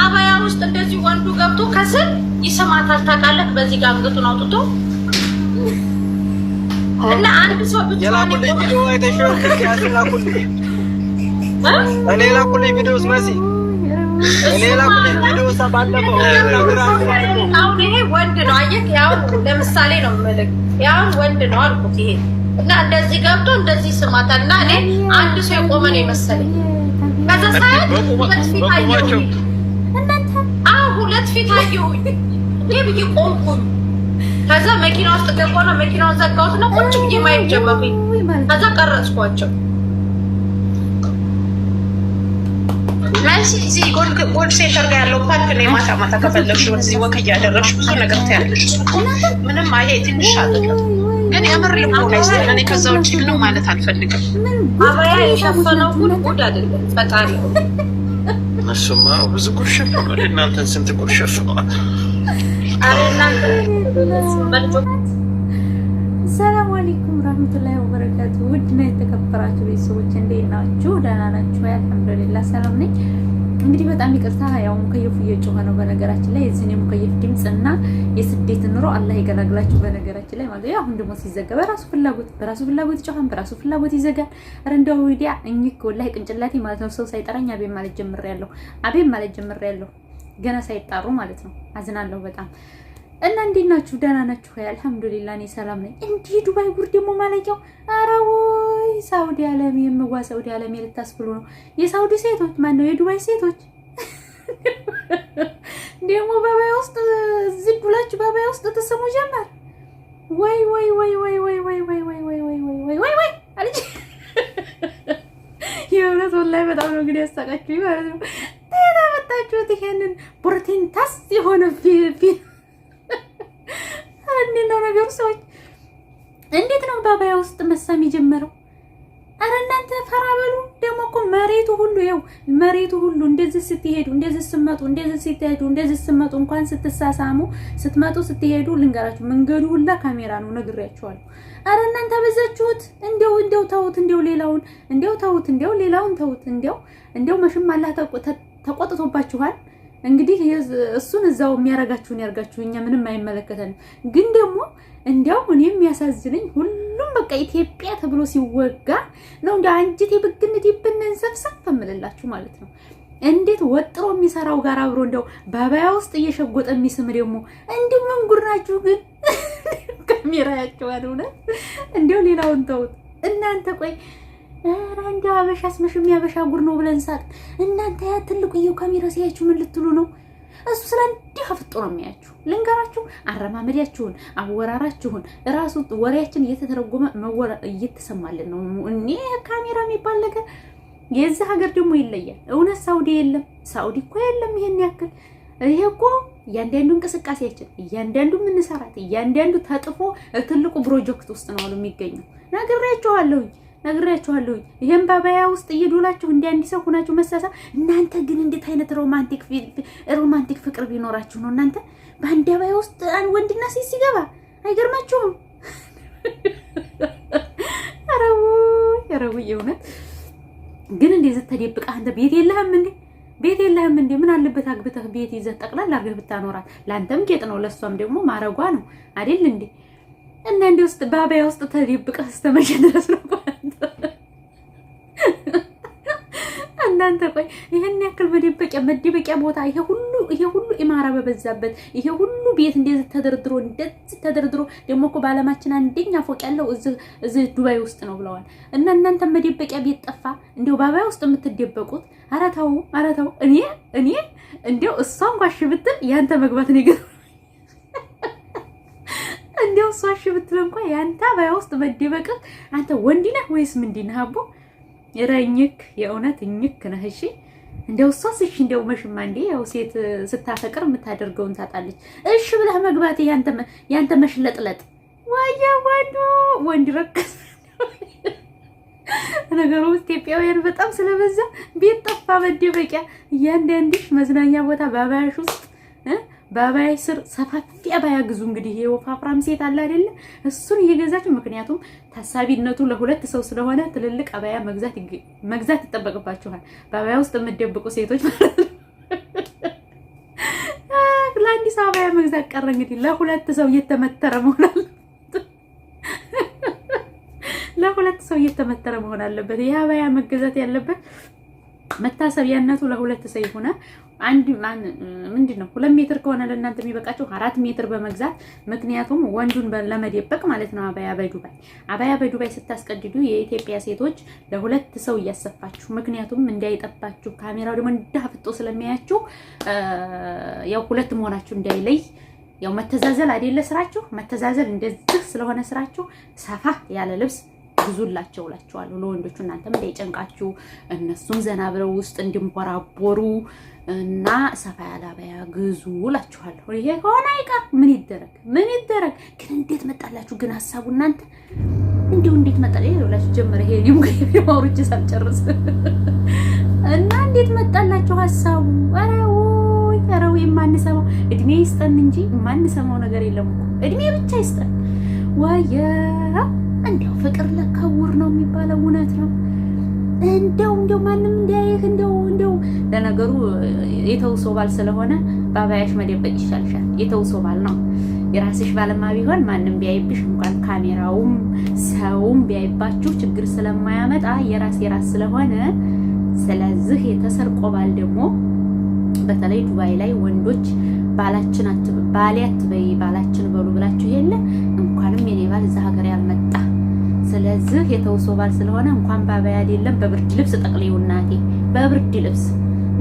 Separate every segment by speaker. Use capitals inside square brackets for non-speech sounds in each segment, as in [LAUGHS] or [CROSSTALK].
Speaker 1: አባያ ውስጥ እንደዚህ ወንዱ ገብቶ ከስር ይስማታል። ታውቃለህ? በዚህ ጋር አንገቱን አውጥቶ እና አንድ ሰው ብቻ ነው
Speaker 2: ቪዲዮ አይተሽው እኔ ላኩልኝ ቪዲዮ ስመሲ እኔ ላኩልኝ ቪዲዮ ባለፈው
Speaker 1: አሁን ይሄ ወንድ ነው አየህ ያው ለምሳሌ ነው የምልህ ያው ወንድ ነው አልኩት ይሄ እና እንደዚህ ገብቶ እንደዚህ ይስማታል እና እኔ አንድ ሰው የቆመ ነው የመሰለኝ ከዛ ሳይሆን
Speaker 2: ሁለት ፊት አየሁኝ።
Speaker 1: እናንተ አዎ፣ ሁለት ፊት አየሁኝ። ይሄ ብዬ ቆምኩኝ። ከዛ መኪና ውስጥ ገባና መኪናውን ዘጋሁትና ቁጭ ብዬ ማየት ጀመርኩኝ። ከዛ ቀረጽኳቸው። ጎልድ ሴንተር ጋር ያለው ፓርክ ላይ ማታ ማታ ከፈለግሽ እዚህ ወክ እያደረግሽ ብዙ ነገር ታያለሽ። ምንም አይ ትንሽ አለ እኔ የምር ልቦና ይስጠን። ከዛ ውጭ ምንም ማለት አልፈልግም። አባያ የሸፈነው ጉድ ጉድ አይደለም ፈጣሪ
Speaker 2: እሱማ ብዙ ጉድ ሸፍኗል። እናንተን ስንት ጉድ ሸፍኗል።
Speaker 1: ሰላም አለይኩም ረህመቱላሂ ወበረካቱ። ውድና የተከበራችሁ ቤተሰቦች እንዴት ናችሁ? ደህና ናችሁ? አልሐምዱሊላህ ሰላም ነኝ። እንግዲህ በጣም ይቅርታ ያው ሙከየፉ እየጮኸ ነው። በነገራችን ላይ የዚህን የሙከየፍ ድምፅ እና የስደት ኑሮ አላህ ይገላግላችሁ። በነገራችን ላይ ማለት አሁን ደግሞ ሲዘጋ በራሱ ፍላጎት በራሱ ፍላጎት ይጮኻል፣ በራሱ ፍላጎት ይዘጋል። ረንዳው ወዲያ እኝክ ወላሂ ቅንጭላቴ ማለት ነው ሰው ሳይጠራኝ አቤ ማለት ጀምሬያለሁ፣ አቤ ማለት ጀምሬያለሁ። ገና ሳይጣሩ ማለት ነው። አዝናለሁ በጣም እና እንዴት ናችሁ? ደህና ናችሁ? አልሐምዱሊላህ እኔ ሰላም ነኝ። እንዲህ ዱባይ ጉር ደግሞ ማለቂያው አረው ሳውዲ አለም የምዋ ሳውዲ አለም የልታስ ብሎ ነው። የሳውዲ ሴቶች ማነው የዱባይ ሴቶች ደግሞ በባይ ውስጥ እዚህ ዱላችሁ በባይ ውስጥ ተሰሙ ጀመር። ወይ ወይ ወይ ወይ ወይ ወይ ወይ ወይ ወይ ወይ ወይ ወይ ወይ ወይ አለች። የእውነት ወላሂ በጣም ነው እንግዲህ ያሳቃችሁ ማለት ነው። ተና መጣችሁት ይሄንን ፕሮቲን ታስ የሆነ ፊልም እንዴት ነው ነገሩ? ሰዎች እንዴት ነው ባባያ ውስጥ መሳም የጀመረው? አረ እናንተ ፈራበሉ በሉ። ደግሞ እኮ መሬቱ ሁሉ ይኸው መሬቱ ሁሉ እንደዚህ ስትሄዱ እንደዚህ ስትመጡ እንደዚህ ስትሄዱ እንደዚህ ስትመጡ እንኳን ስትሳሳሙ ስትመጡ ስትሄዱ ልንገራችሁ፣ መንገዱ ሁላ ካሜራ ነው። ነግሬያችኋለሁ። ኧረ እናንተ በዛችሁት። እንደው እንደው ተውት፣ እንደው ሌላውን እንደው ተውት፣ እንደው ሌላውን ተውት። እንደው እንደው መሽም አላህ ተቆጥቶባችኋል። እንግዲህ እሱን እዛው የሚያረጋችሁን ያርጋችሁ፣ እኛ ምንም አይመለከተን። ግን ደግሞ እንዲያው እኔም የሚያሳዝነኝ ሁሉም በቃ ኢትዮጵያ ተብሎ ሲወጋ ነው እንደ አንጀቴ ብግንት ይብንን ሰብሰብ እምልላችሁ ማለት ነው። እንዴት ወጥሮ የሚሰራው ጋር አብሮ እንደው ባባያ ውስጥ እየሸጎጠ የሚስም ደግሞ እንዲሁ ምን ጉድ ናችሁ ግን [LAUGHS] ካሜራ ያቸዋል። እውነት እንዲያው ሌላውን ተውት እናንተ ቆይ ኧረ እንዲያው አበሻ ስመሽም ያበሻ ጉር ነው ብለን ሳቅ። እናንተ ያ ትልቁ እየው ካሜራ ሲያችሁ ምን ልትሉ ነው? እሱ ስለ እንዲህ አፍጦ ነው የሚያችሁ። ልንገራችሁ፣ አረማመዳችሁን፣ አወራራችሁን ራሱ ወሬያችን እየተተረጎመ እየተሰማልን ነው። እኔ ካሜራ የሚባል ነገር የዚህ ሀገር ደግሞ ይለያል። እውነት ሳውዲ የለም፣ ሳውዲ እኮ የለም። ይሄን ያክል ይሄ እኮ እያንዳንዱ እንቅስቃሴያችን እያንዳንዱ የምንሰራት እያንዳንዱ ተጥፎ ትልቁ ፕሮጀክት ውስጥ ነው አሉ የሚገኘው። ነግሬያችኋለሁኝ። ነግሬያችኋለሁኝ። ይሄን ባባያ ውስጥ እየዶላችሁ እንደ አንድ ሰው ሆናችሁ መሳሳ። እናንተ ግን እንዴት አይነት ሮማንቲክ ፍቅር ቢኖራችሁ ነው እናንተ በአንድ አባያ ውስጥ ወንድና ሴት ሲገባ አይገርማችሁም? አረቡ [LAUGHS] አረቡ የእውነት ግን እንዴ ተደብቀህ አንተ ቤት የለህም እንዴ? ቤት የለህም እንዴ? ምን አለበት አግብተህ ቤት ይዘህ ጠቅላላ አድርገህ ብታኖራት፣ ለአንተም ጌጥ ነው፣ ለእሷም ደግሞ ማረጓ ነው አይደል እንዴ? እና እንዲ ውስጥ በአባያ ውስጥ ተደብቀህ እስከ መቼ ድረስ ነው? እናንተ ቆይ ይሄን ያክል መደበቂያ መደበቂያ ቦታ ይሄ ሁሉ ይሄ ሁሉ ኢማራ በበዛበት ይሄ ሁሉ ቤት እንደዚህ ተደርድሮ እንደዚህ ተደርድሮ ደግሞ እኮ በዓለማችን አንደኛ ፎቅ ያለው እዚህ ዱባይ ውስጥ ነው ብለዋል። እና እናንተ መደበቂያ ቤት ጠፋ። እንደው ባባይ ውስጥ የምትደበቁት ኧረ ተው፣ ኧረ ተው። እኔ እኔ እንደው እሷ እንኳን እሺ ብትል ያንተ መግባት ነገር እንዲያው እሷ እሺ ብትል እንኳን ያንተ አበያ ውስጥ መደበቅህ አንተ ወንድ ነህ ወይስ ምንድን ነህ አቦ? ኧረ እኝክ የእውነት እኝክ ነህ። እሺ እንደው እሷስ እሺ እንደው መሽማ እንዴ ያው ሴት ስታፈቅር የምታደርገውን ታጣለች። እሺ ብለህ መግባት ያንተ መሽለጥለጥ ዋያ ዋዶ ወንድ ረከስ ነገሩ ኢትዮጵያውያን በጣም ስለበዛ ቤት ጠፋ መደበቂያ እያንዳንድሽ መዝናኛ ቦታ ባባያሽ ውስጥ በአባይ ስር ሰፋፊ አባያ ግዙ። እንግዲህ የወፋፍራም ሴት አለ አይደለ? እሱን እየገዛች ምክንያቱም ታሳቢነቱ ለሁለት ሰው ስለሆነ ትልልቅ አባያ መግዛት ይጠበቅባችኋል። በአባያ ውስጥ የምደብቁ ሴቶች ማለት ነው። [LAUGHS] ለአዲስ አበባ መግዛት ቀረ እንግዲህ ለሁለት ሰው እየተመተረ መሆናል [LAUGHS] ለሁለት ሰው እየተመተረ መሆን አለበት። የአባያ መገዛት ያለበት መታሰቢያነቱ ለሁለት ሰው ሆነ። አንድ ማን ምንድን ነው ሁለት ሜትር ከሆነ ለእናንተ የሚበቃቸው አራት ሜትር በመግዛት ምክንያቱም ወንዱን ለመደበቅ ማለት ነው። አባያ በዱባይ አባያ በዱባይ ስታስቀድዱ የኢትዮጵያ ሴቶች ለሁለት ሰው እያሰፋችሁ፣ ምክንያቱም እንዳይጠባችሁ ካሜራው ደግሞ እንዳፍጦ ስለሚያያችሁ ያው ሁለት መሆናችሁ እንዳይለይ ያው መተዛዘል አይደለ ስራችሁ፣ መተዛዘል እንደዚህ ስለሆነ ስራችሁ ሰፋ ያለ ልብስ ብዙላቸው እላቸዋለሁ። ለወንዶቹ እናንተም እንዳይጨንቃችሁ እነሱም ዘና ብለው ውስጥ እንዲንቦራቦሩ እና ሰፋ ያለ አበያ ግዙ እላችኋለሁ። ይሄ ከሆነ አይቀር ምን ይደረግ ምን ይደረግ ግን እንዴት መጣላችሁ ግን ሀሳቡ እናንተ እንዲሁ እንዴት መጣ ላችሁ ጀመረ። ይሄ ሊሙ ማውርቼ ሳልጨርስ [LAUGHS] እና እንዴት መጣላችሁ ሀሳቡ? ኧረ ወይ ኧረ ወይ የማንሰማው እድሜ ይስጠን እንጂ የማንሰማው ነገር የለም እኮ እድሜ ብቻ ይስጠን ወየ እንደው ፍቅር ለከውር ነው የሚባለው እውነት ነው። እንደው እንደው ማንም እንዲያየህ እንደው እንደው ለነገሩ የተውሶ ባል ስለሆነ በአባያሽ መደበቅ ይሻልሻል። የተውሶ ባል ነው። የራስሽ ባለማ ቢሆን ማንም ቢያይብሽ እንኳን ካሜራውም ሰውም ቢያይባችሁ ችግር ስለማያመጣ የራስ የራስ ስለሆነ ስለዚህ የተሰርቆ ባል ደግሞ በተለይ ዱባይ ላይ ወንዶች ባላችን አትበ ባሌ አትበይ ባላችን በሉ ብላችሁ የለ እንኳንም የኔ ባል እዛ ሀገር ያልመጣ ስለዚህ የተውሶ ባል ስለሆነ እንኳን ባባይ አይደለም በብርድ ልብስ ጠቅልዩ እናቴ በብርድ ልብስ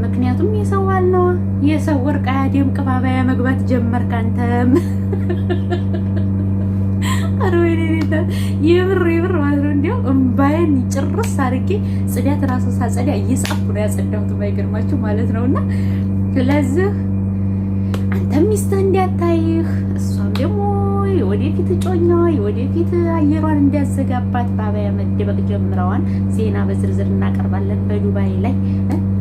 Speaker 1: ምክንያቱም የሰው አልነዋ የሰው ወርቅ አያደምቅ ባባያ መግባት ጀመርክ አንተም [LAUGHS] የብር የብር ማለት ነው። እንዲያው እምባዬን ጭርስ አድርጌ ጽዳት ራሱ ሳጸዳ እየጻፍኩ ነው ያጸዳሁት ባይገርማችሁ ማለት ነው እና ስለዚህ ሚስት እንዲያታይህ እሷም ደግሞ የወደፊት እጮኛ የወደፊት አየሯን እንዲያዘጋባት በአበያ መደበቅ ጀምረዋል። ዜና በዝርዝር እናቀርባለን። በዱባይ ላይ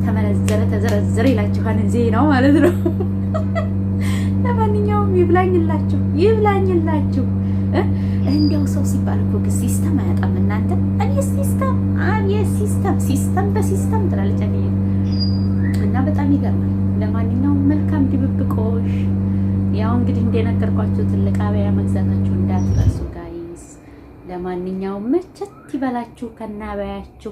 Speaker 1: ተመነዘረ ተዘረዘረ ይላችኋል ዜናው ማለት ነው። [LAUGHS] ለማንኛውም ይብላኝላችሁ ይብላኝላችሁ። እንዲያው ሰው ሲባል እኮ ግን ሲስተም አያጣም እናንተ። እኔ ሲስተም አብየ ሲስተም ሲስተም በሲስተም ትላለች በጣም ይገርማል። ለማንኛውም መልካም ድብብቆሽ። ያው እንግዲህ እንደነገርኳቸው ትልቅ አበያ መግዛታቸው እንዳትረሱ። ለማንኛውም መቸት ይበላችሁ ከናበያችሁ።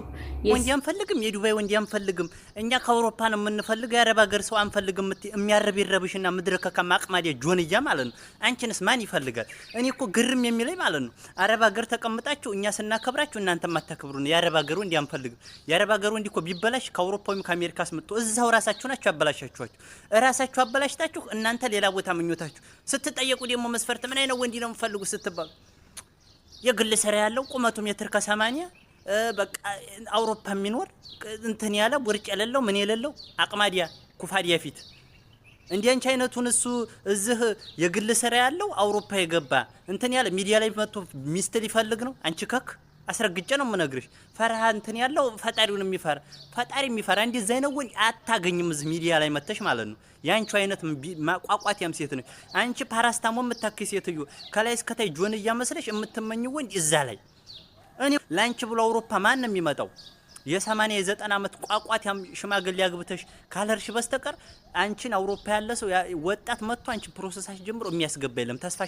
Speaker 2: ወንድ አንፈልግም፣ የዱባይ ወንድ አንፈልግም። እኛ ከአውሮፓ ነው የምንፈልግ፣ የአረብ ሀገር ሰው አንፈልግም። የሚያረቢረብሽና ምድረከ ከማቅማዴ ጆንያ ማለት ነው። አንቺንስ ማን ይፈልጋል? እኔ እኮ ግርም የሚለኝ ማለት ነው፣ አረብ ሀገር ተቀምጣችሁ እኛ ስናከብራችሁ እናንተ ማታከብሩ ነው። የአረብ ሀገር ወንድ አንፈልግም። የአረብ ሀገር ወንድ እኮ ቢበላሽ ከአውሮፓ ወይም ከአሜሪካ ስምጡ እዛው ራሳችሁ ናችሁ ያበላሻችኋችሁ። እራሳችሁ አበላሽታችሁ እናንተ ሌላ ቦታ ምኞታችሁ ስትጠየቁ ደግሞ መስፈርት ምን አይነት ወንድ ነው የምፈልጉ ስትባሉ የግል ስራ ያለው ቁመቱ ሜትር ከሰማንያ በቃ አውሮፓ የሚኖር እንትን ያለ ውርጭ የሌለው ምን የሌለው አቅማዲያ ኩፋዲያ ፊት እንዲህ አንቺ አይነቱን እሱ እዚህ የግል ስራ ያለው አውሮፓ የገባ እንትን ያለ ሚዲያ ላይ መጥቶ ሚስት ሊፈልግ ነው። አንቺ ከክ አስረግጬ ነው የምነግርሽ። ፈርሃ እንትን ያለው ፈጣሪውን የሚፈራ ፈጣሪ የሚፈራ እንዲህ ዘይነውን አታገኝም፣ እዚህ ሚዲያ ላይ መተሽ ማለት ነው። የአንቺ አይነት ማቋቋት ያም ሴት ነች። አንቺ ፓራስታሞ የምታክይ ሴትዮ ከላይ እስከታይ ጆን እያመስለሽ የምትመኝ ወንድ እዛ ላይ እኔ ለአንቺ ብሎ አውሮፓ ማን ነው የሚመጣው? የሰማንያ የዘጠና ዓመት ቋቋት ያም ሽማግሌ ያግብተሽ ካልርሽ በስተቀር አንቺን አውሮፓ ያለ ሰው ወጣት መጥቶ አንቺ ፕሮሰሳሽ ጀምሮ የሚያስገባ የለም ተስፋ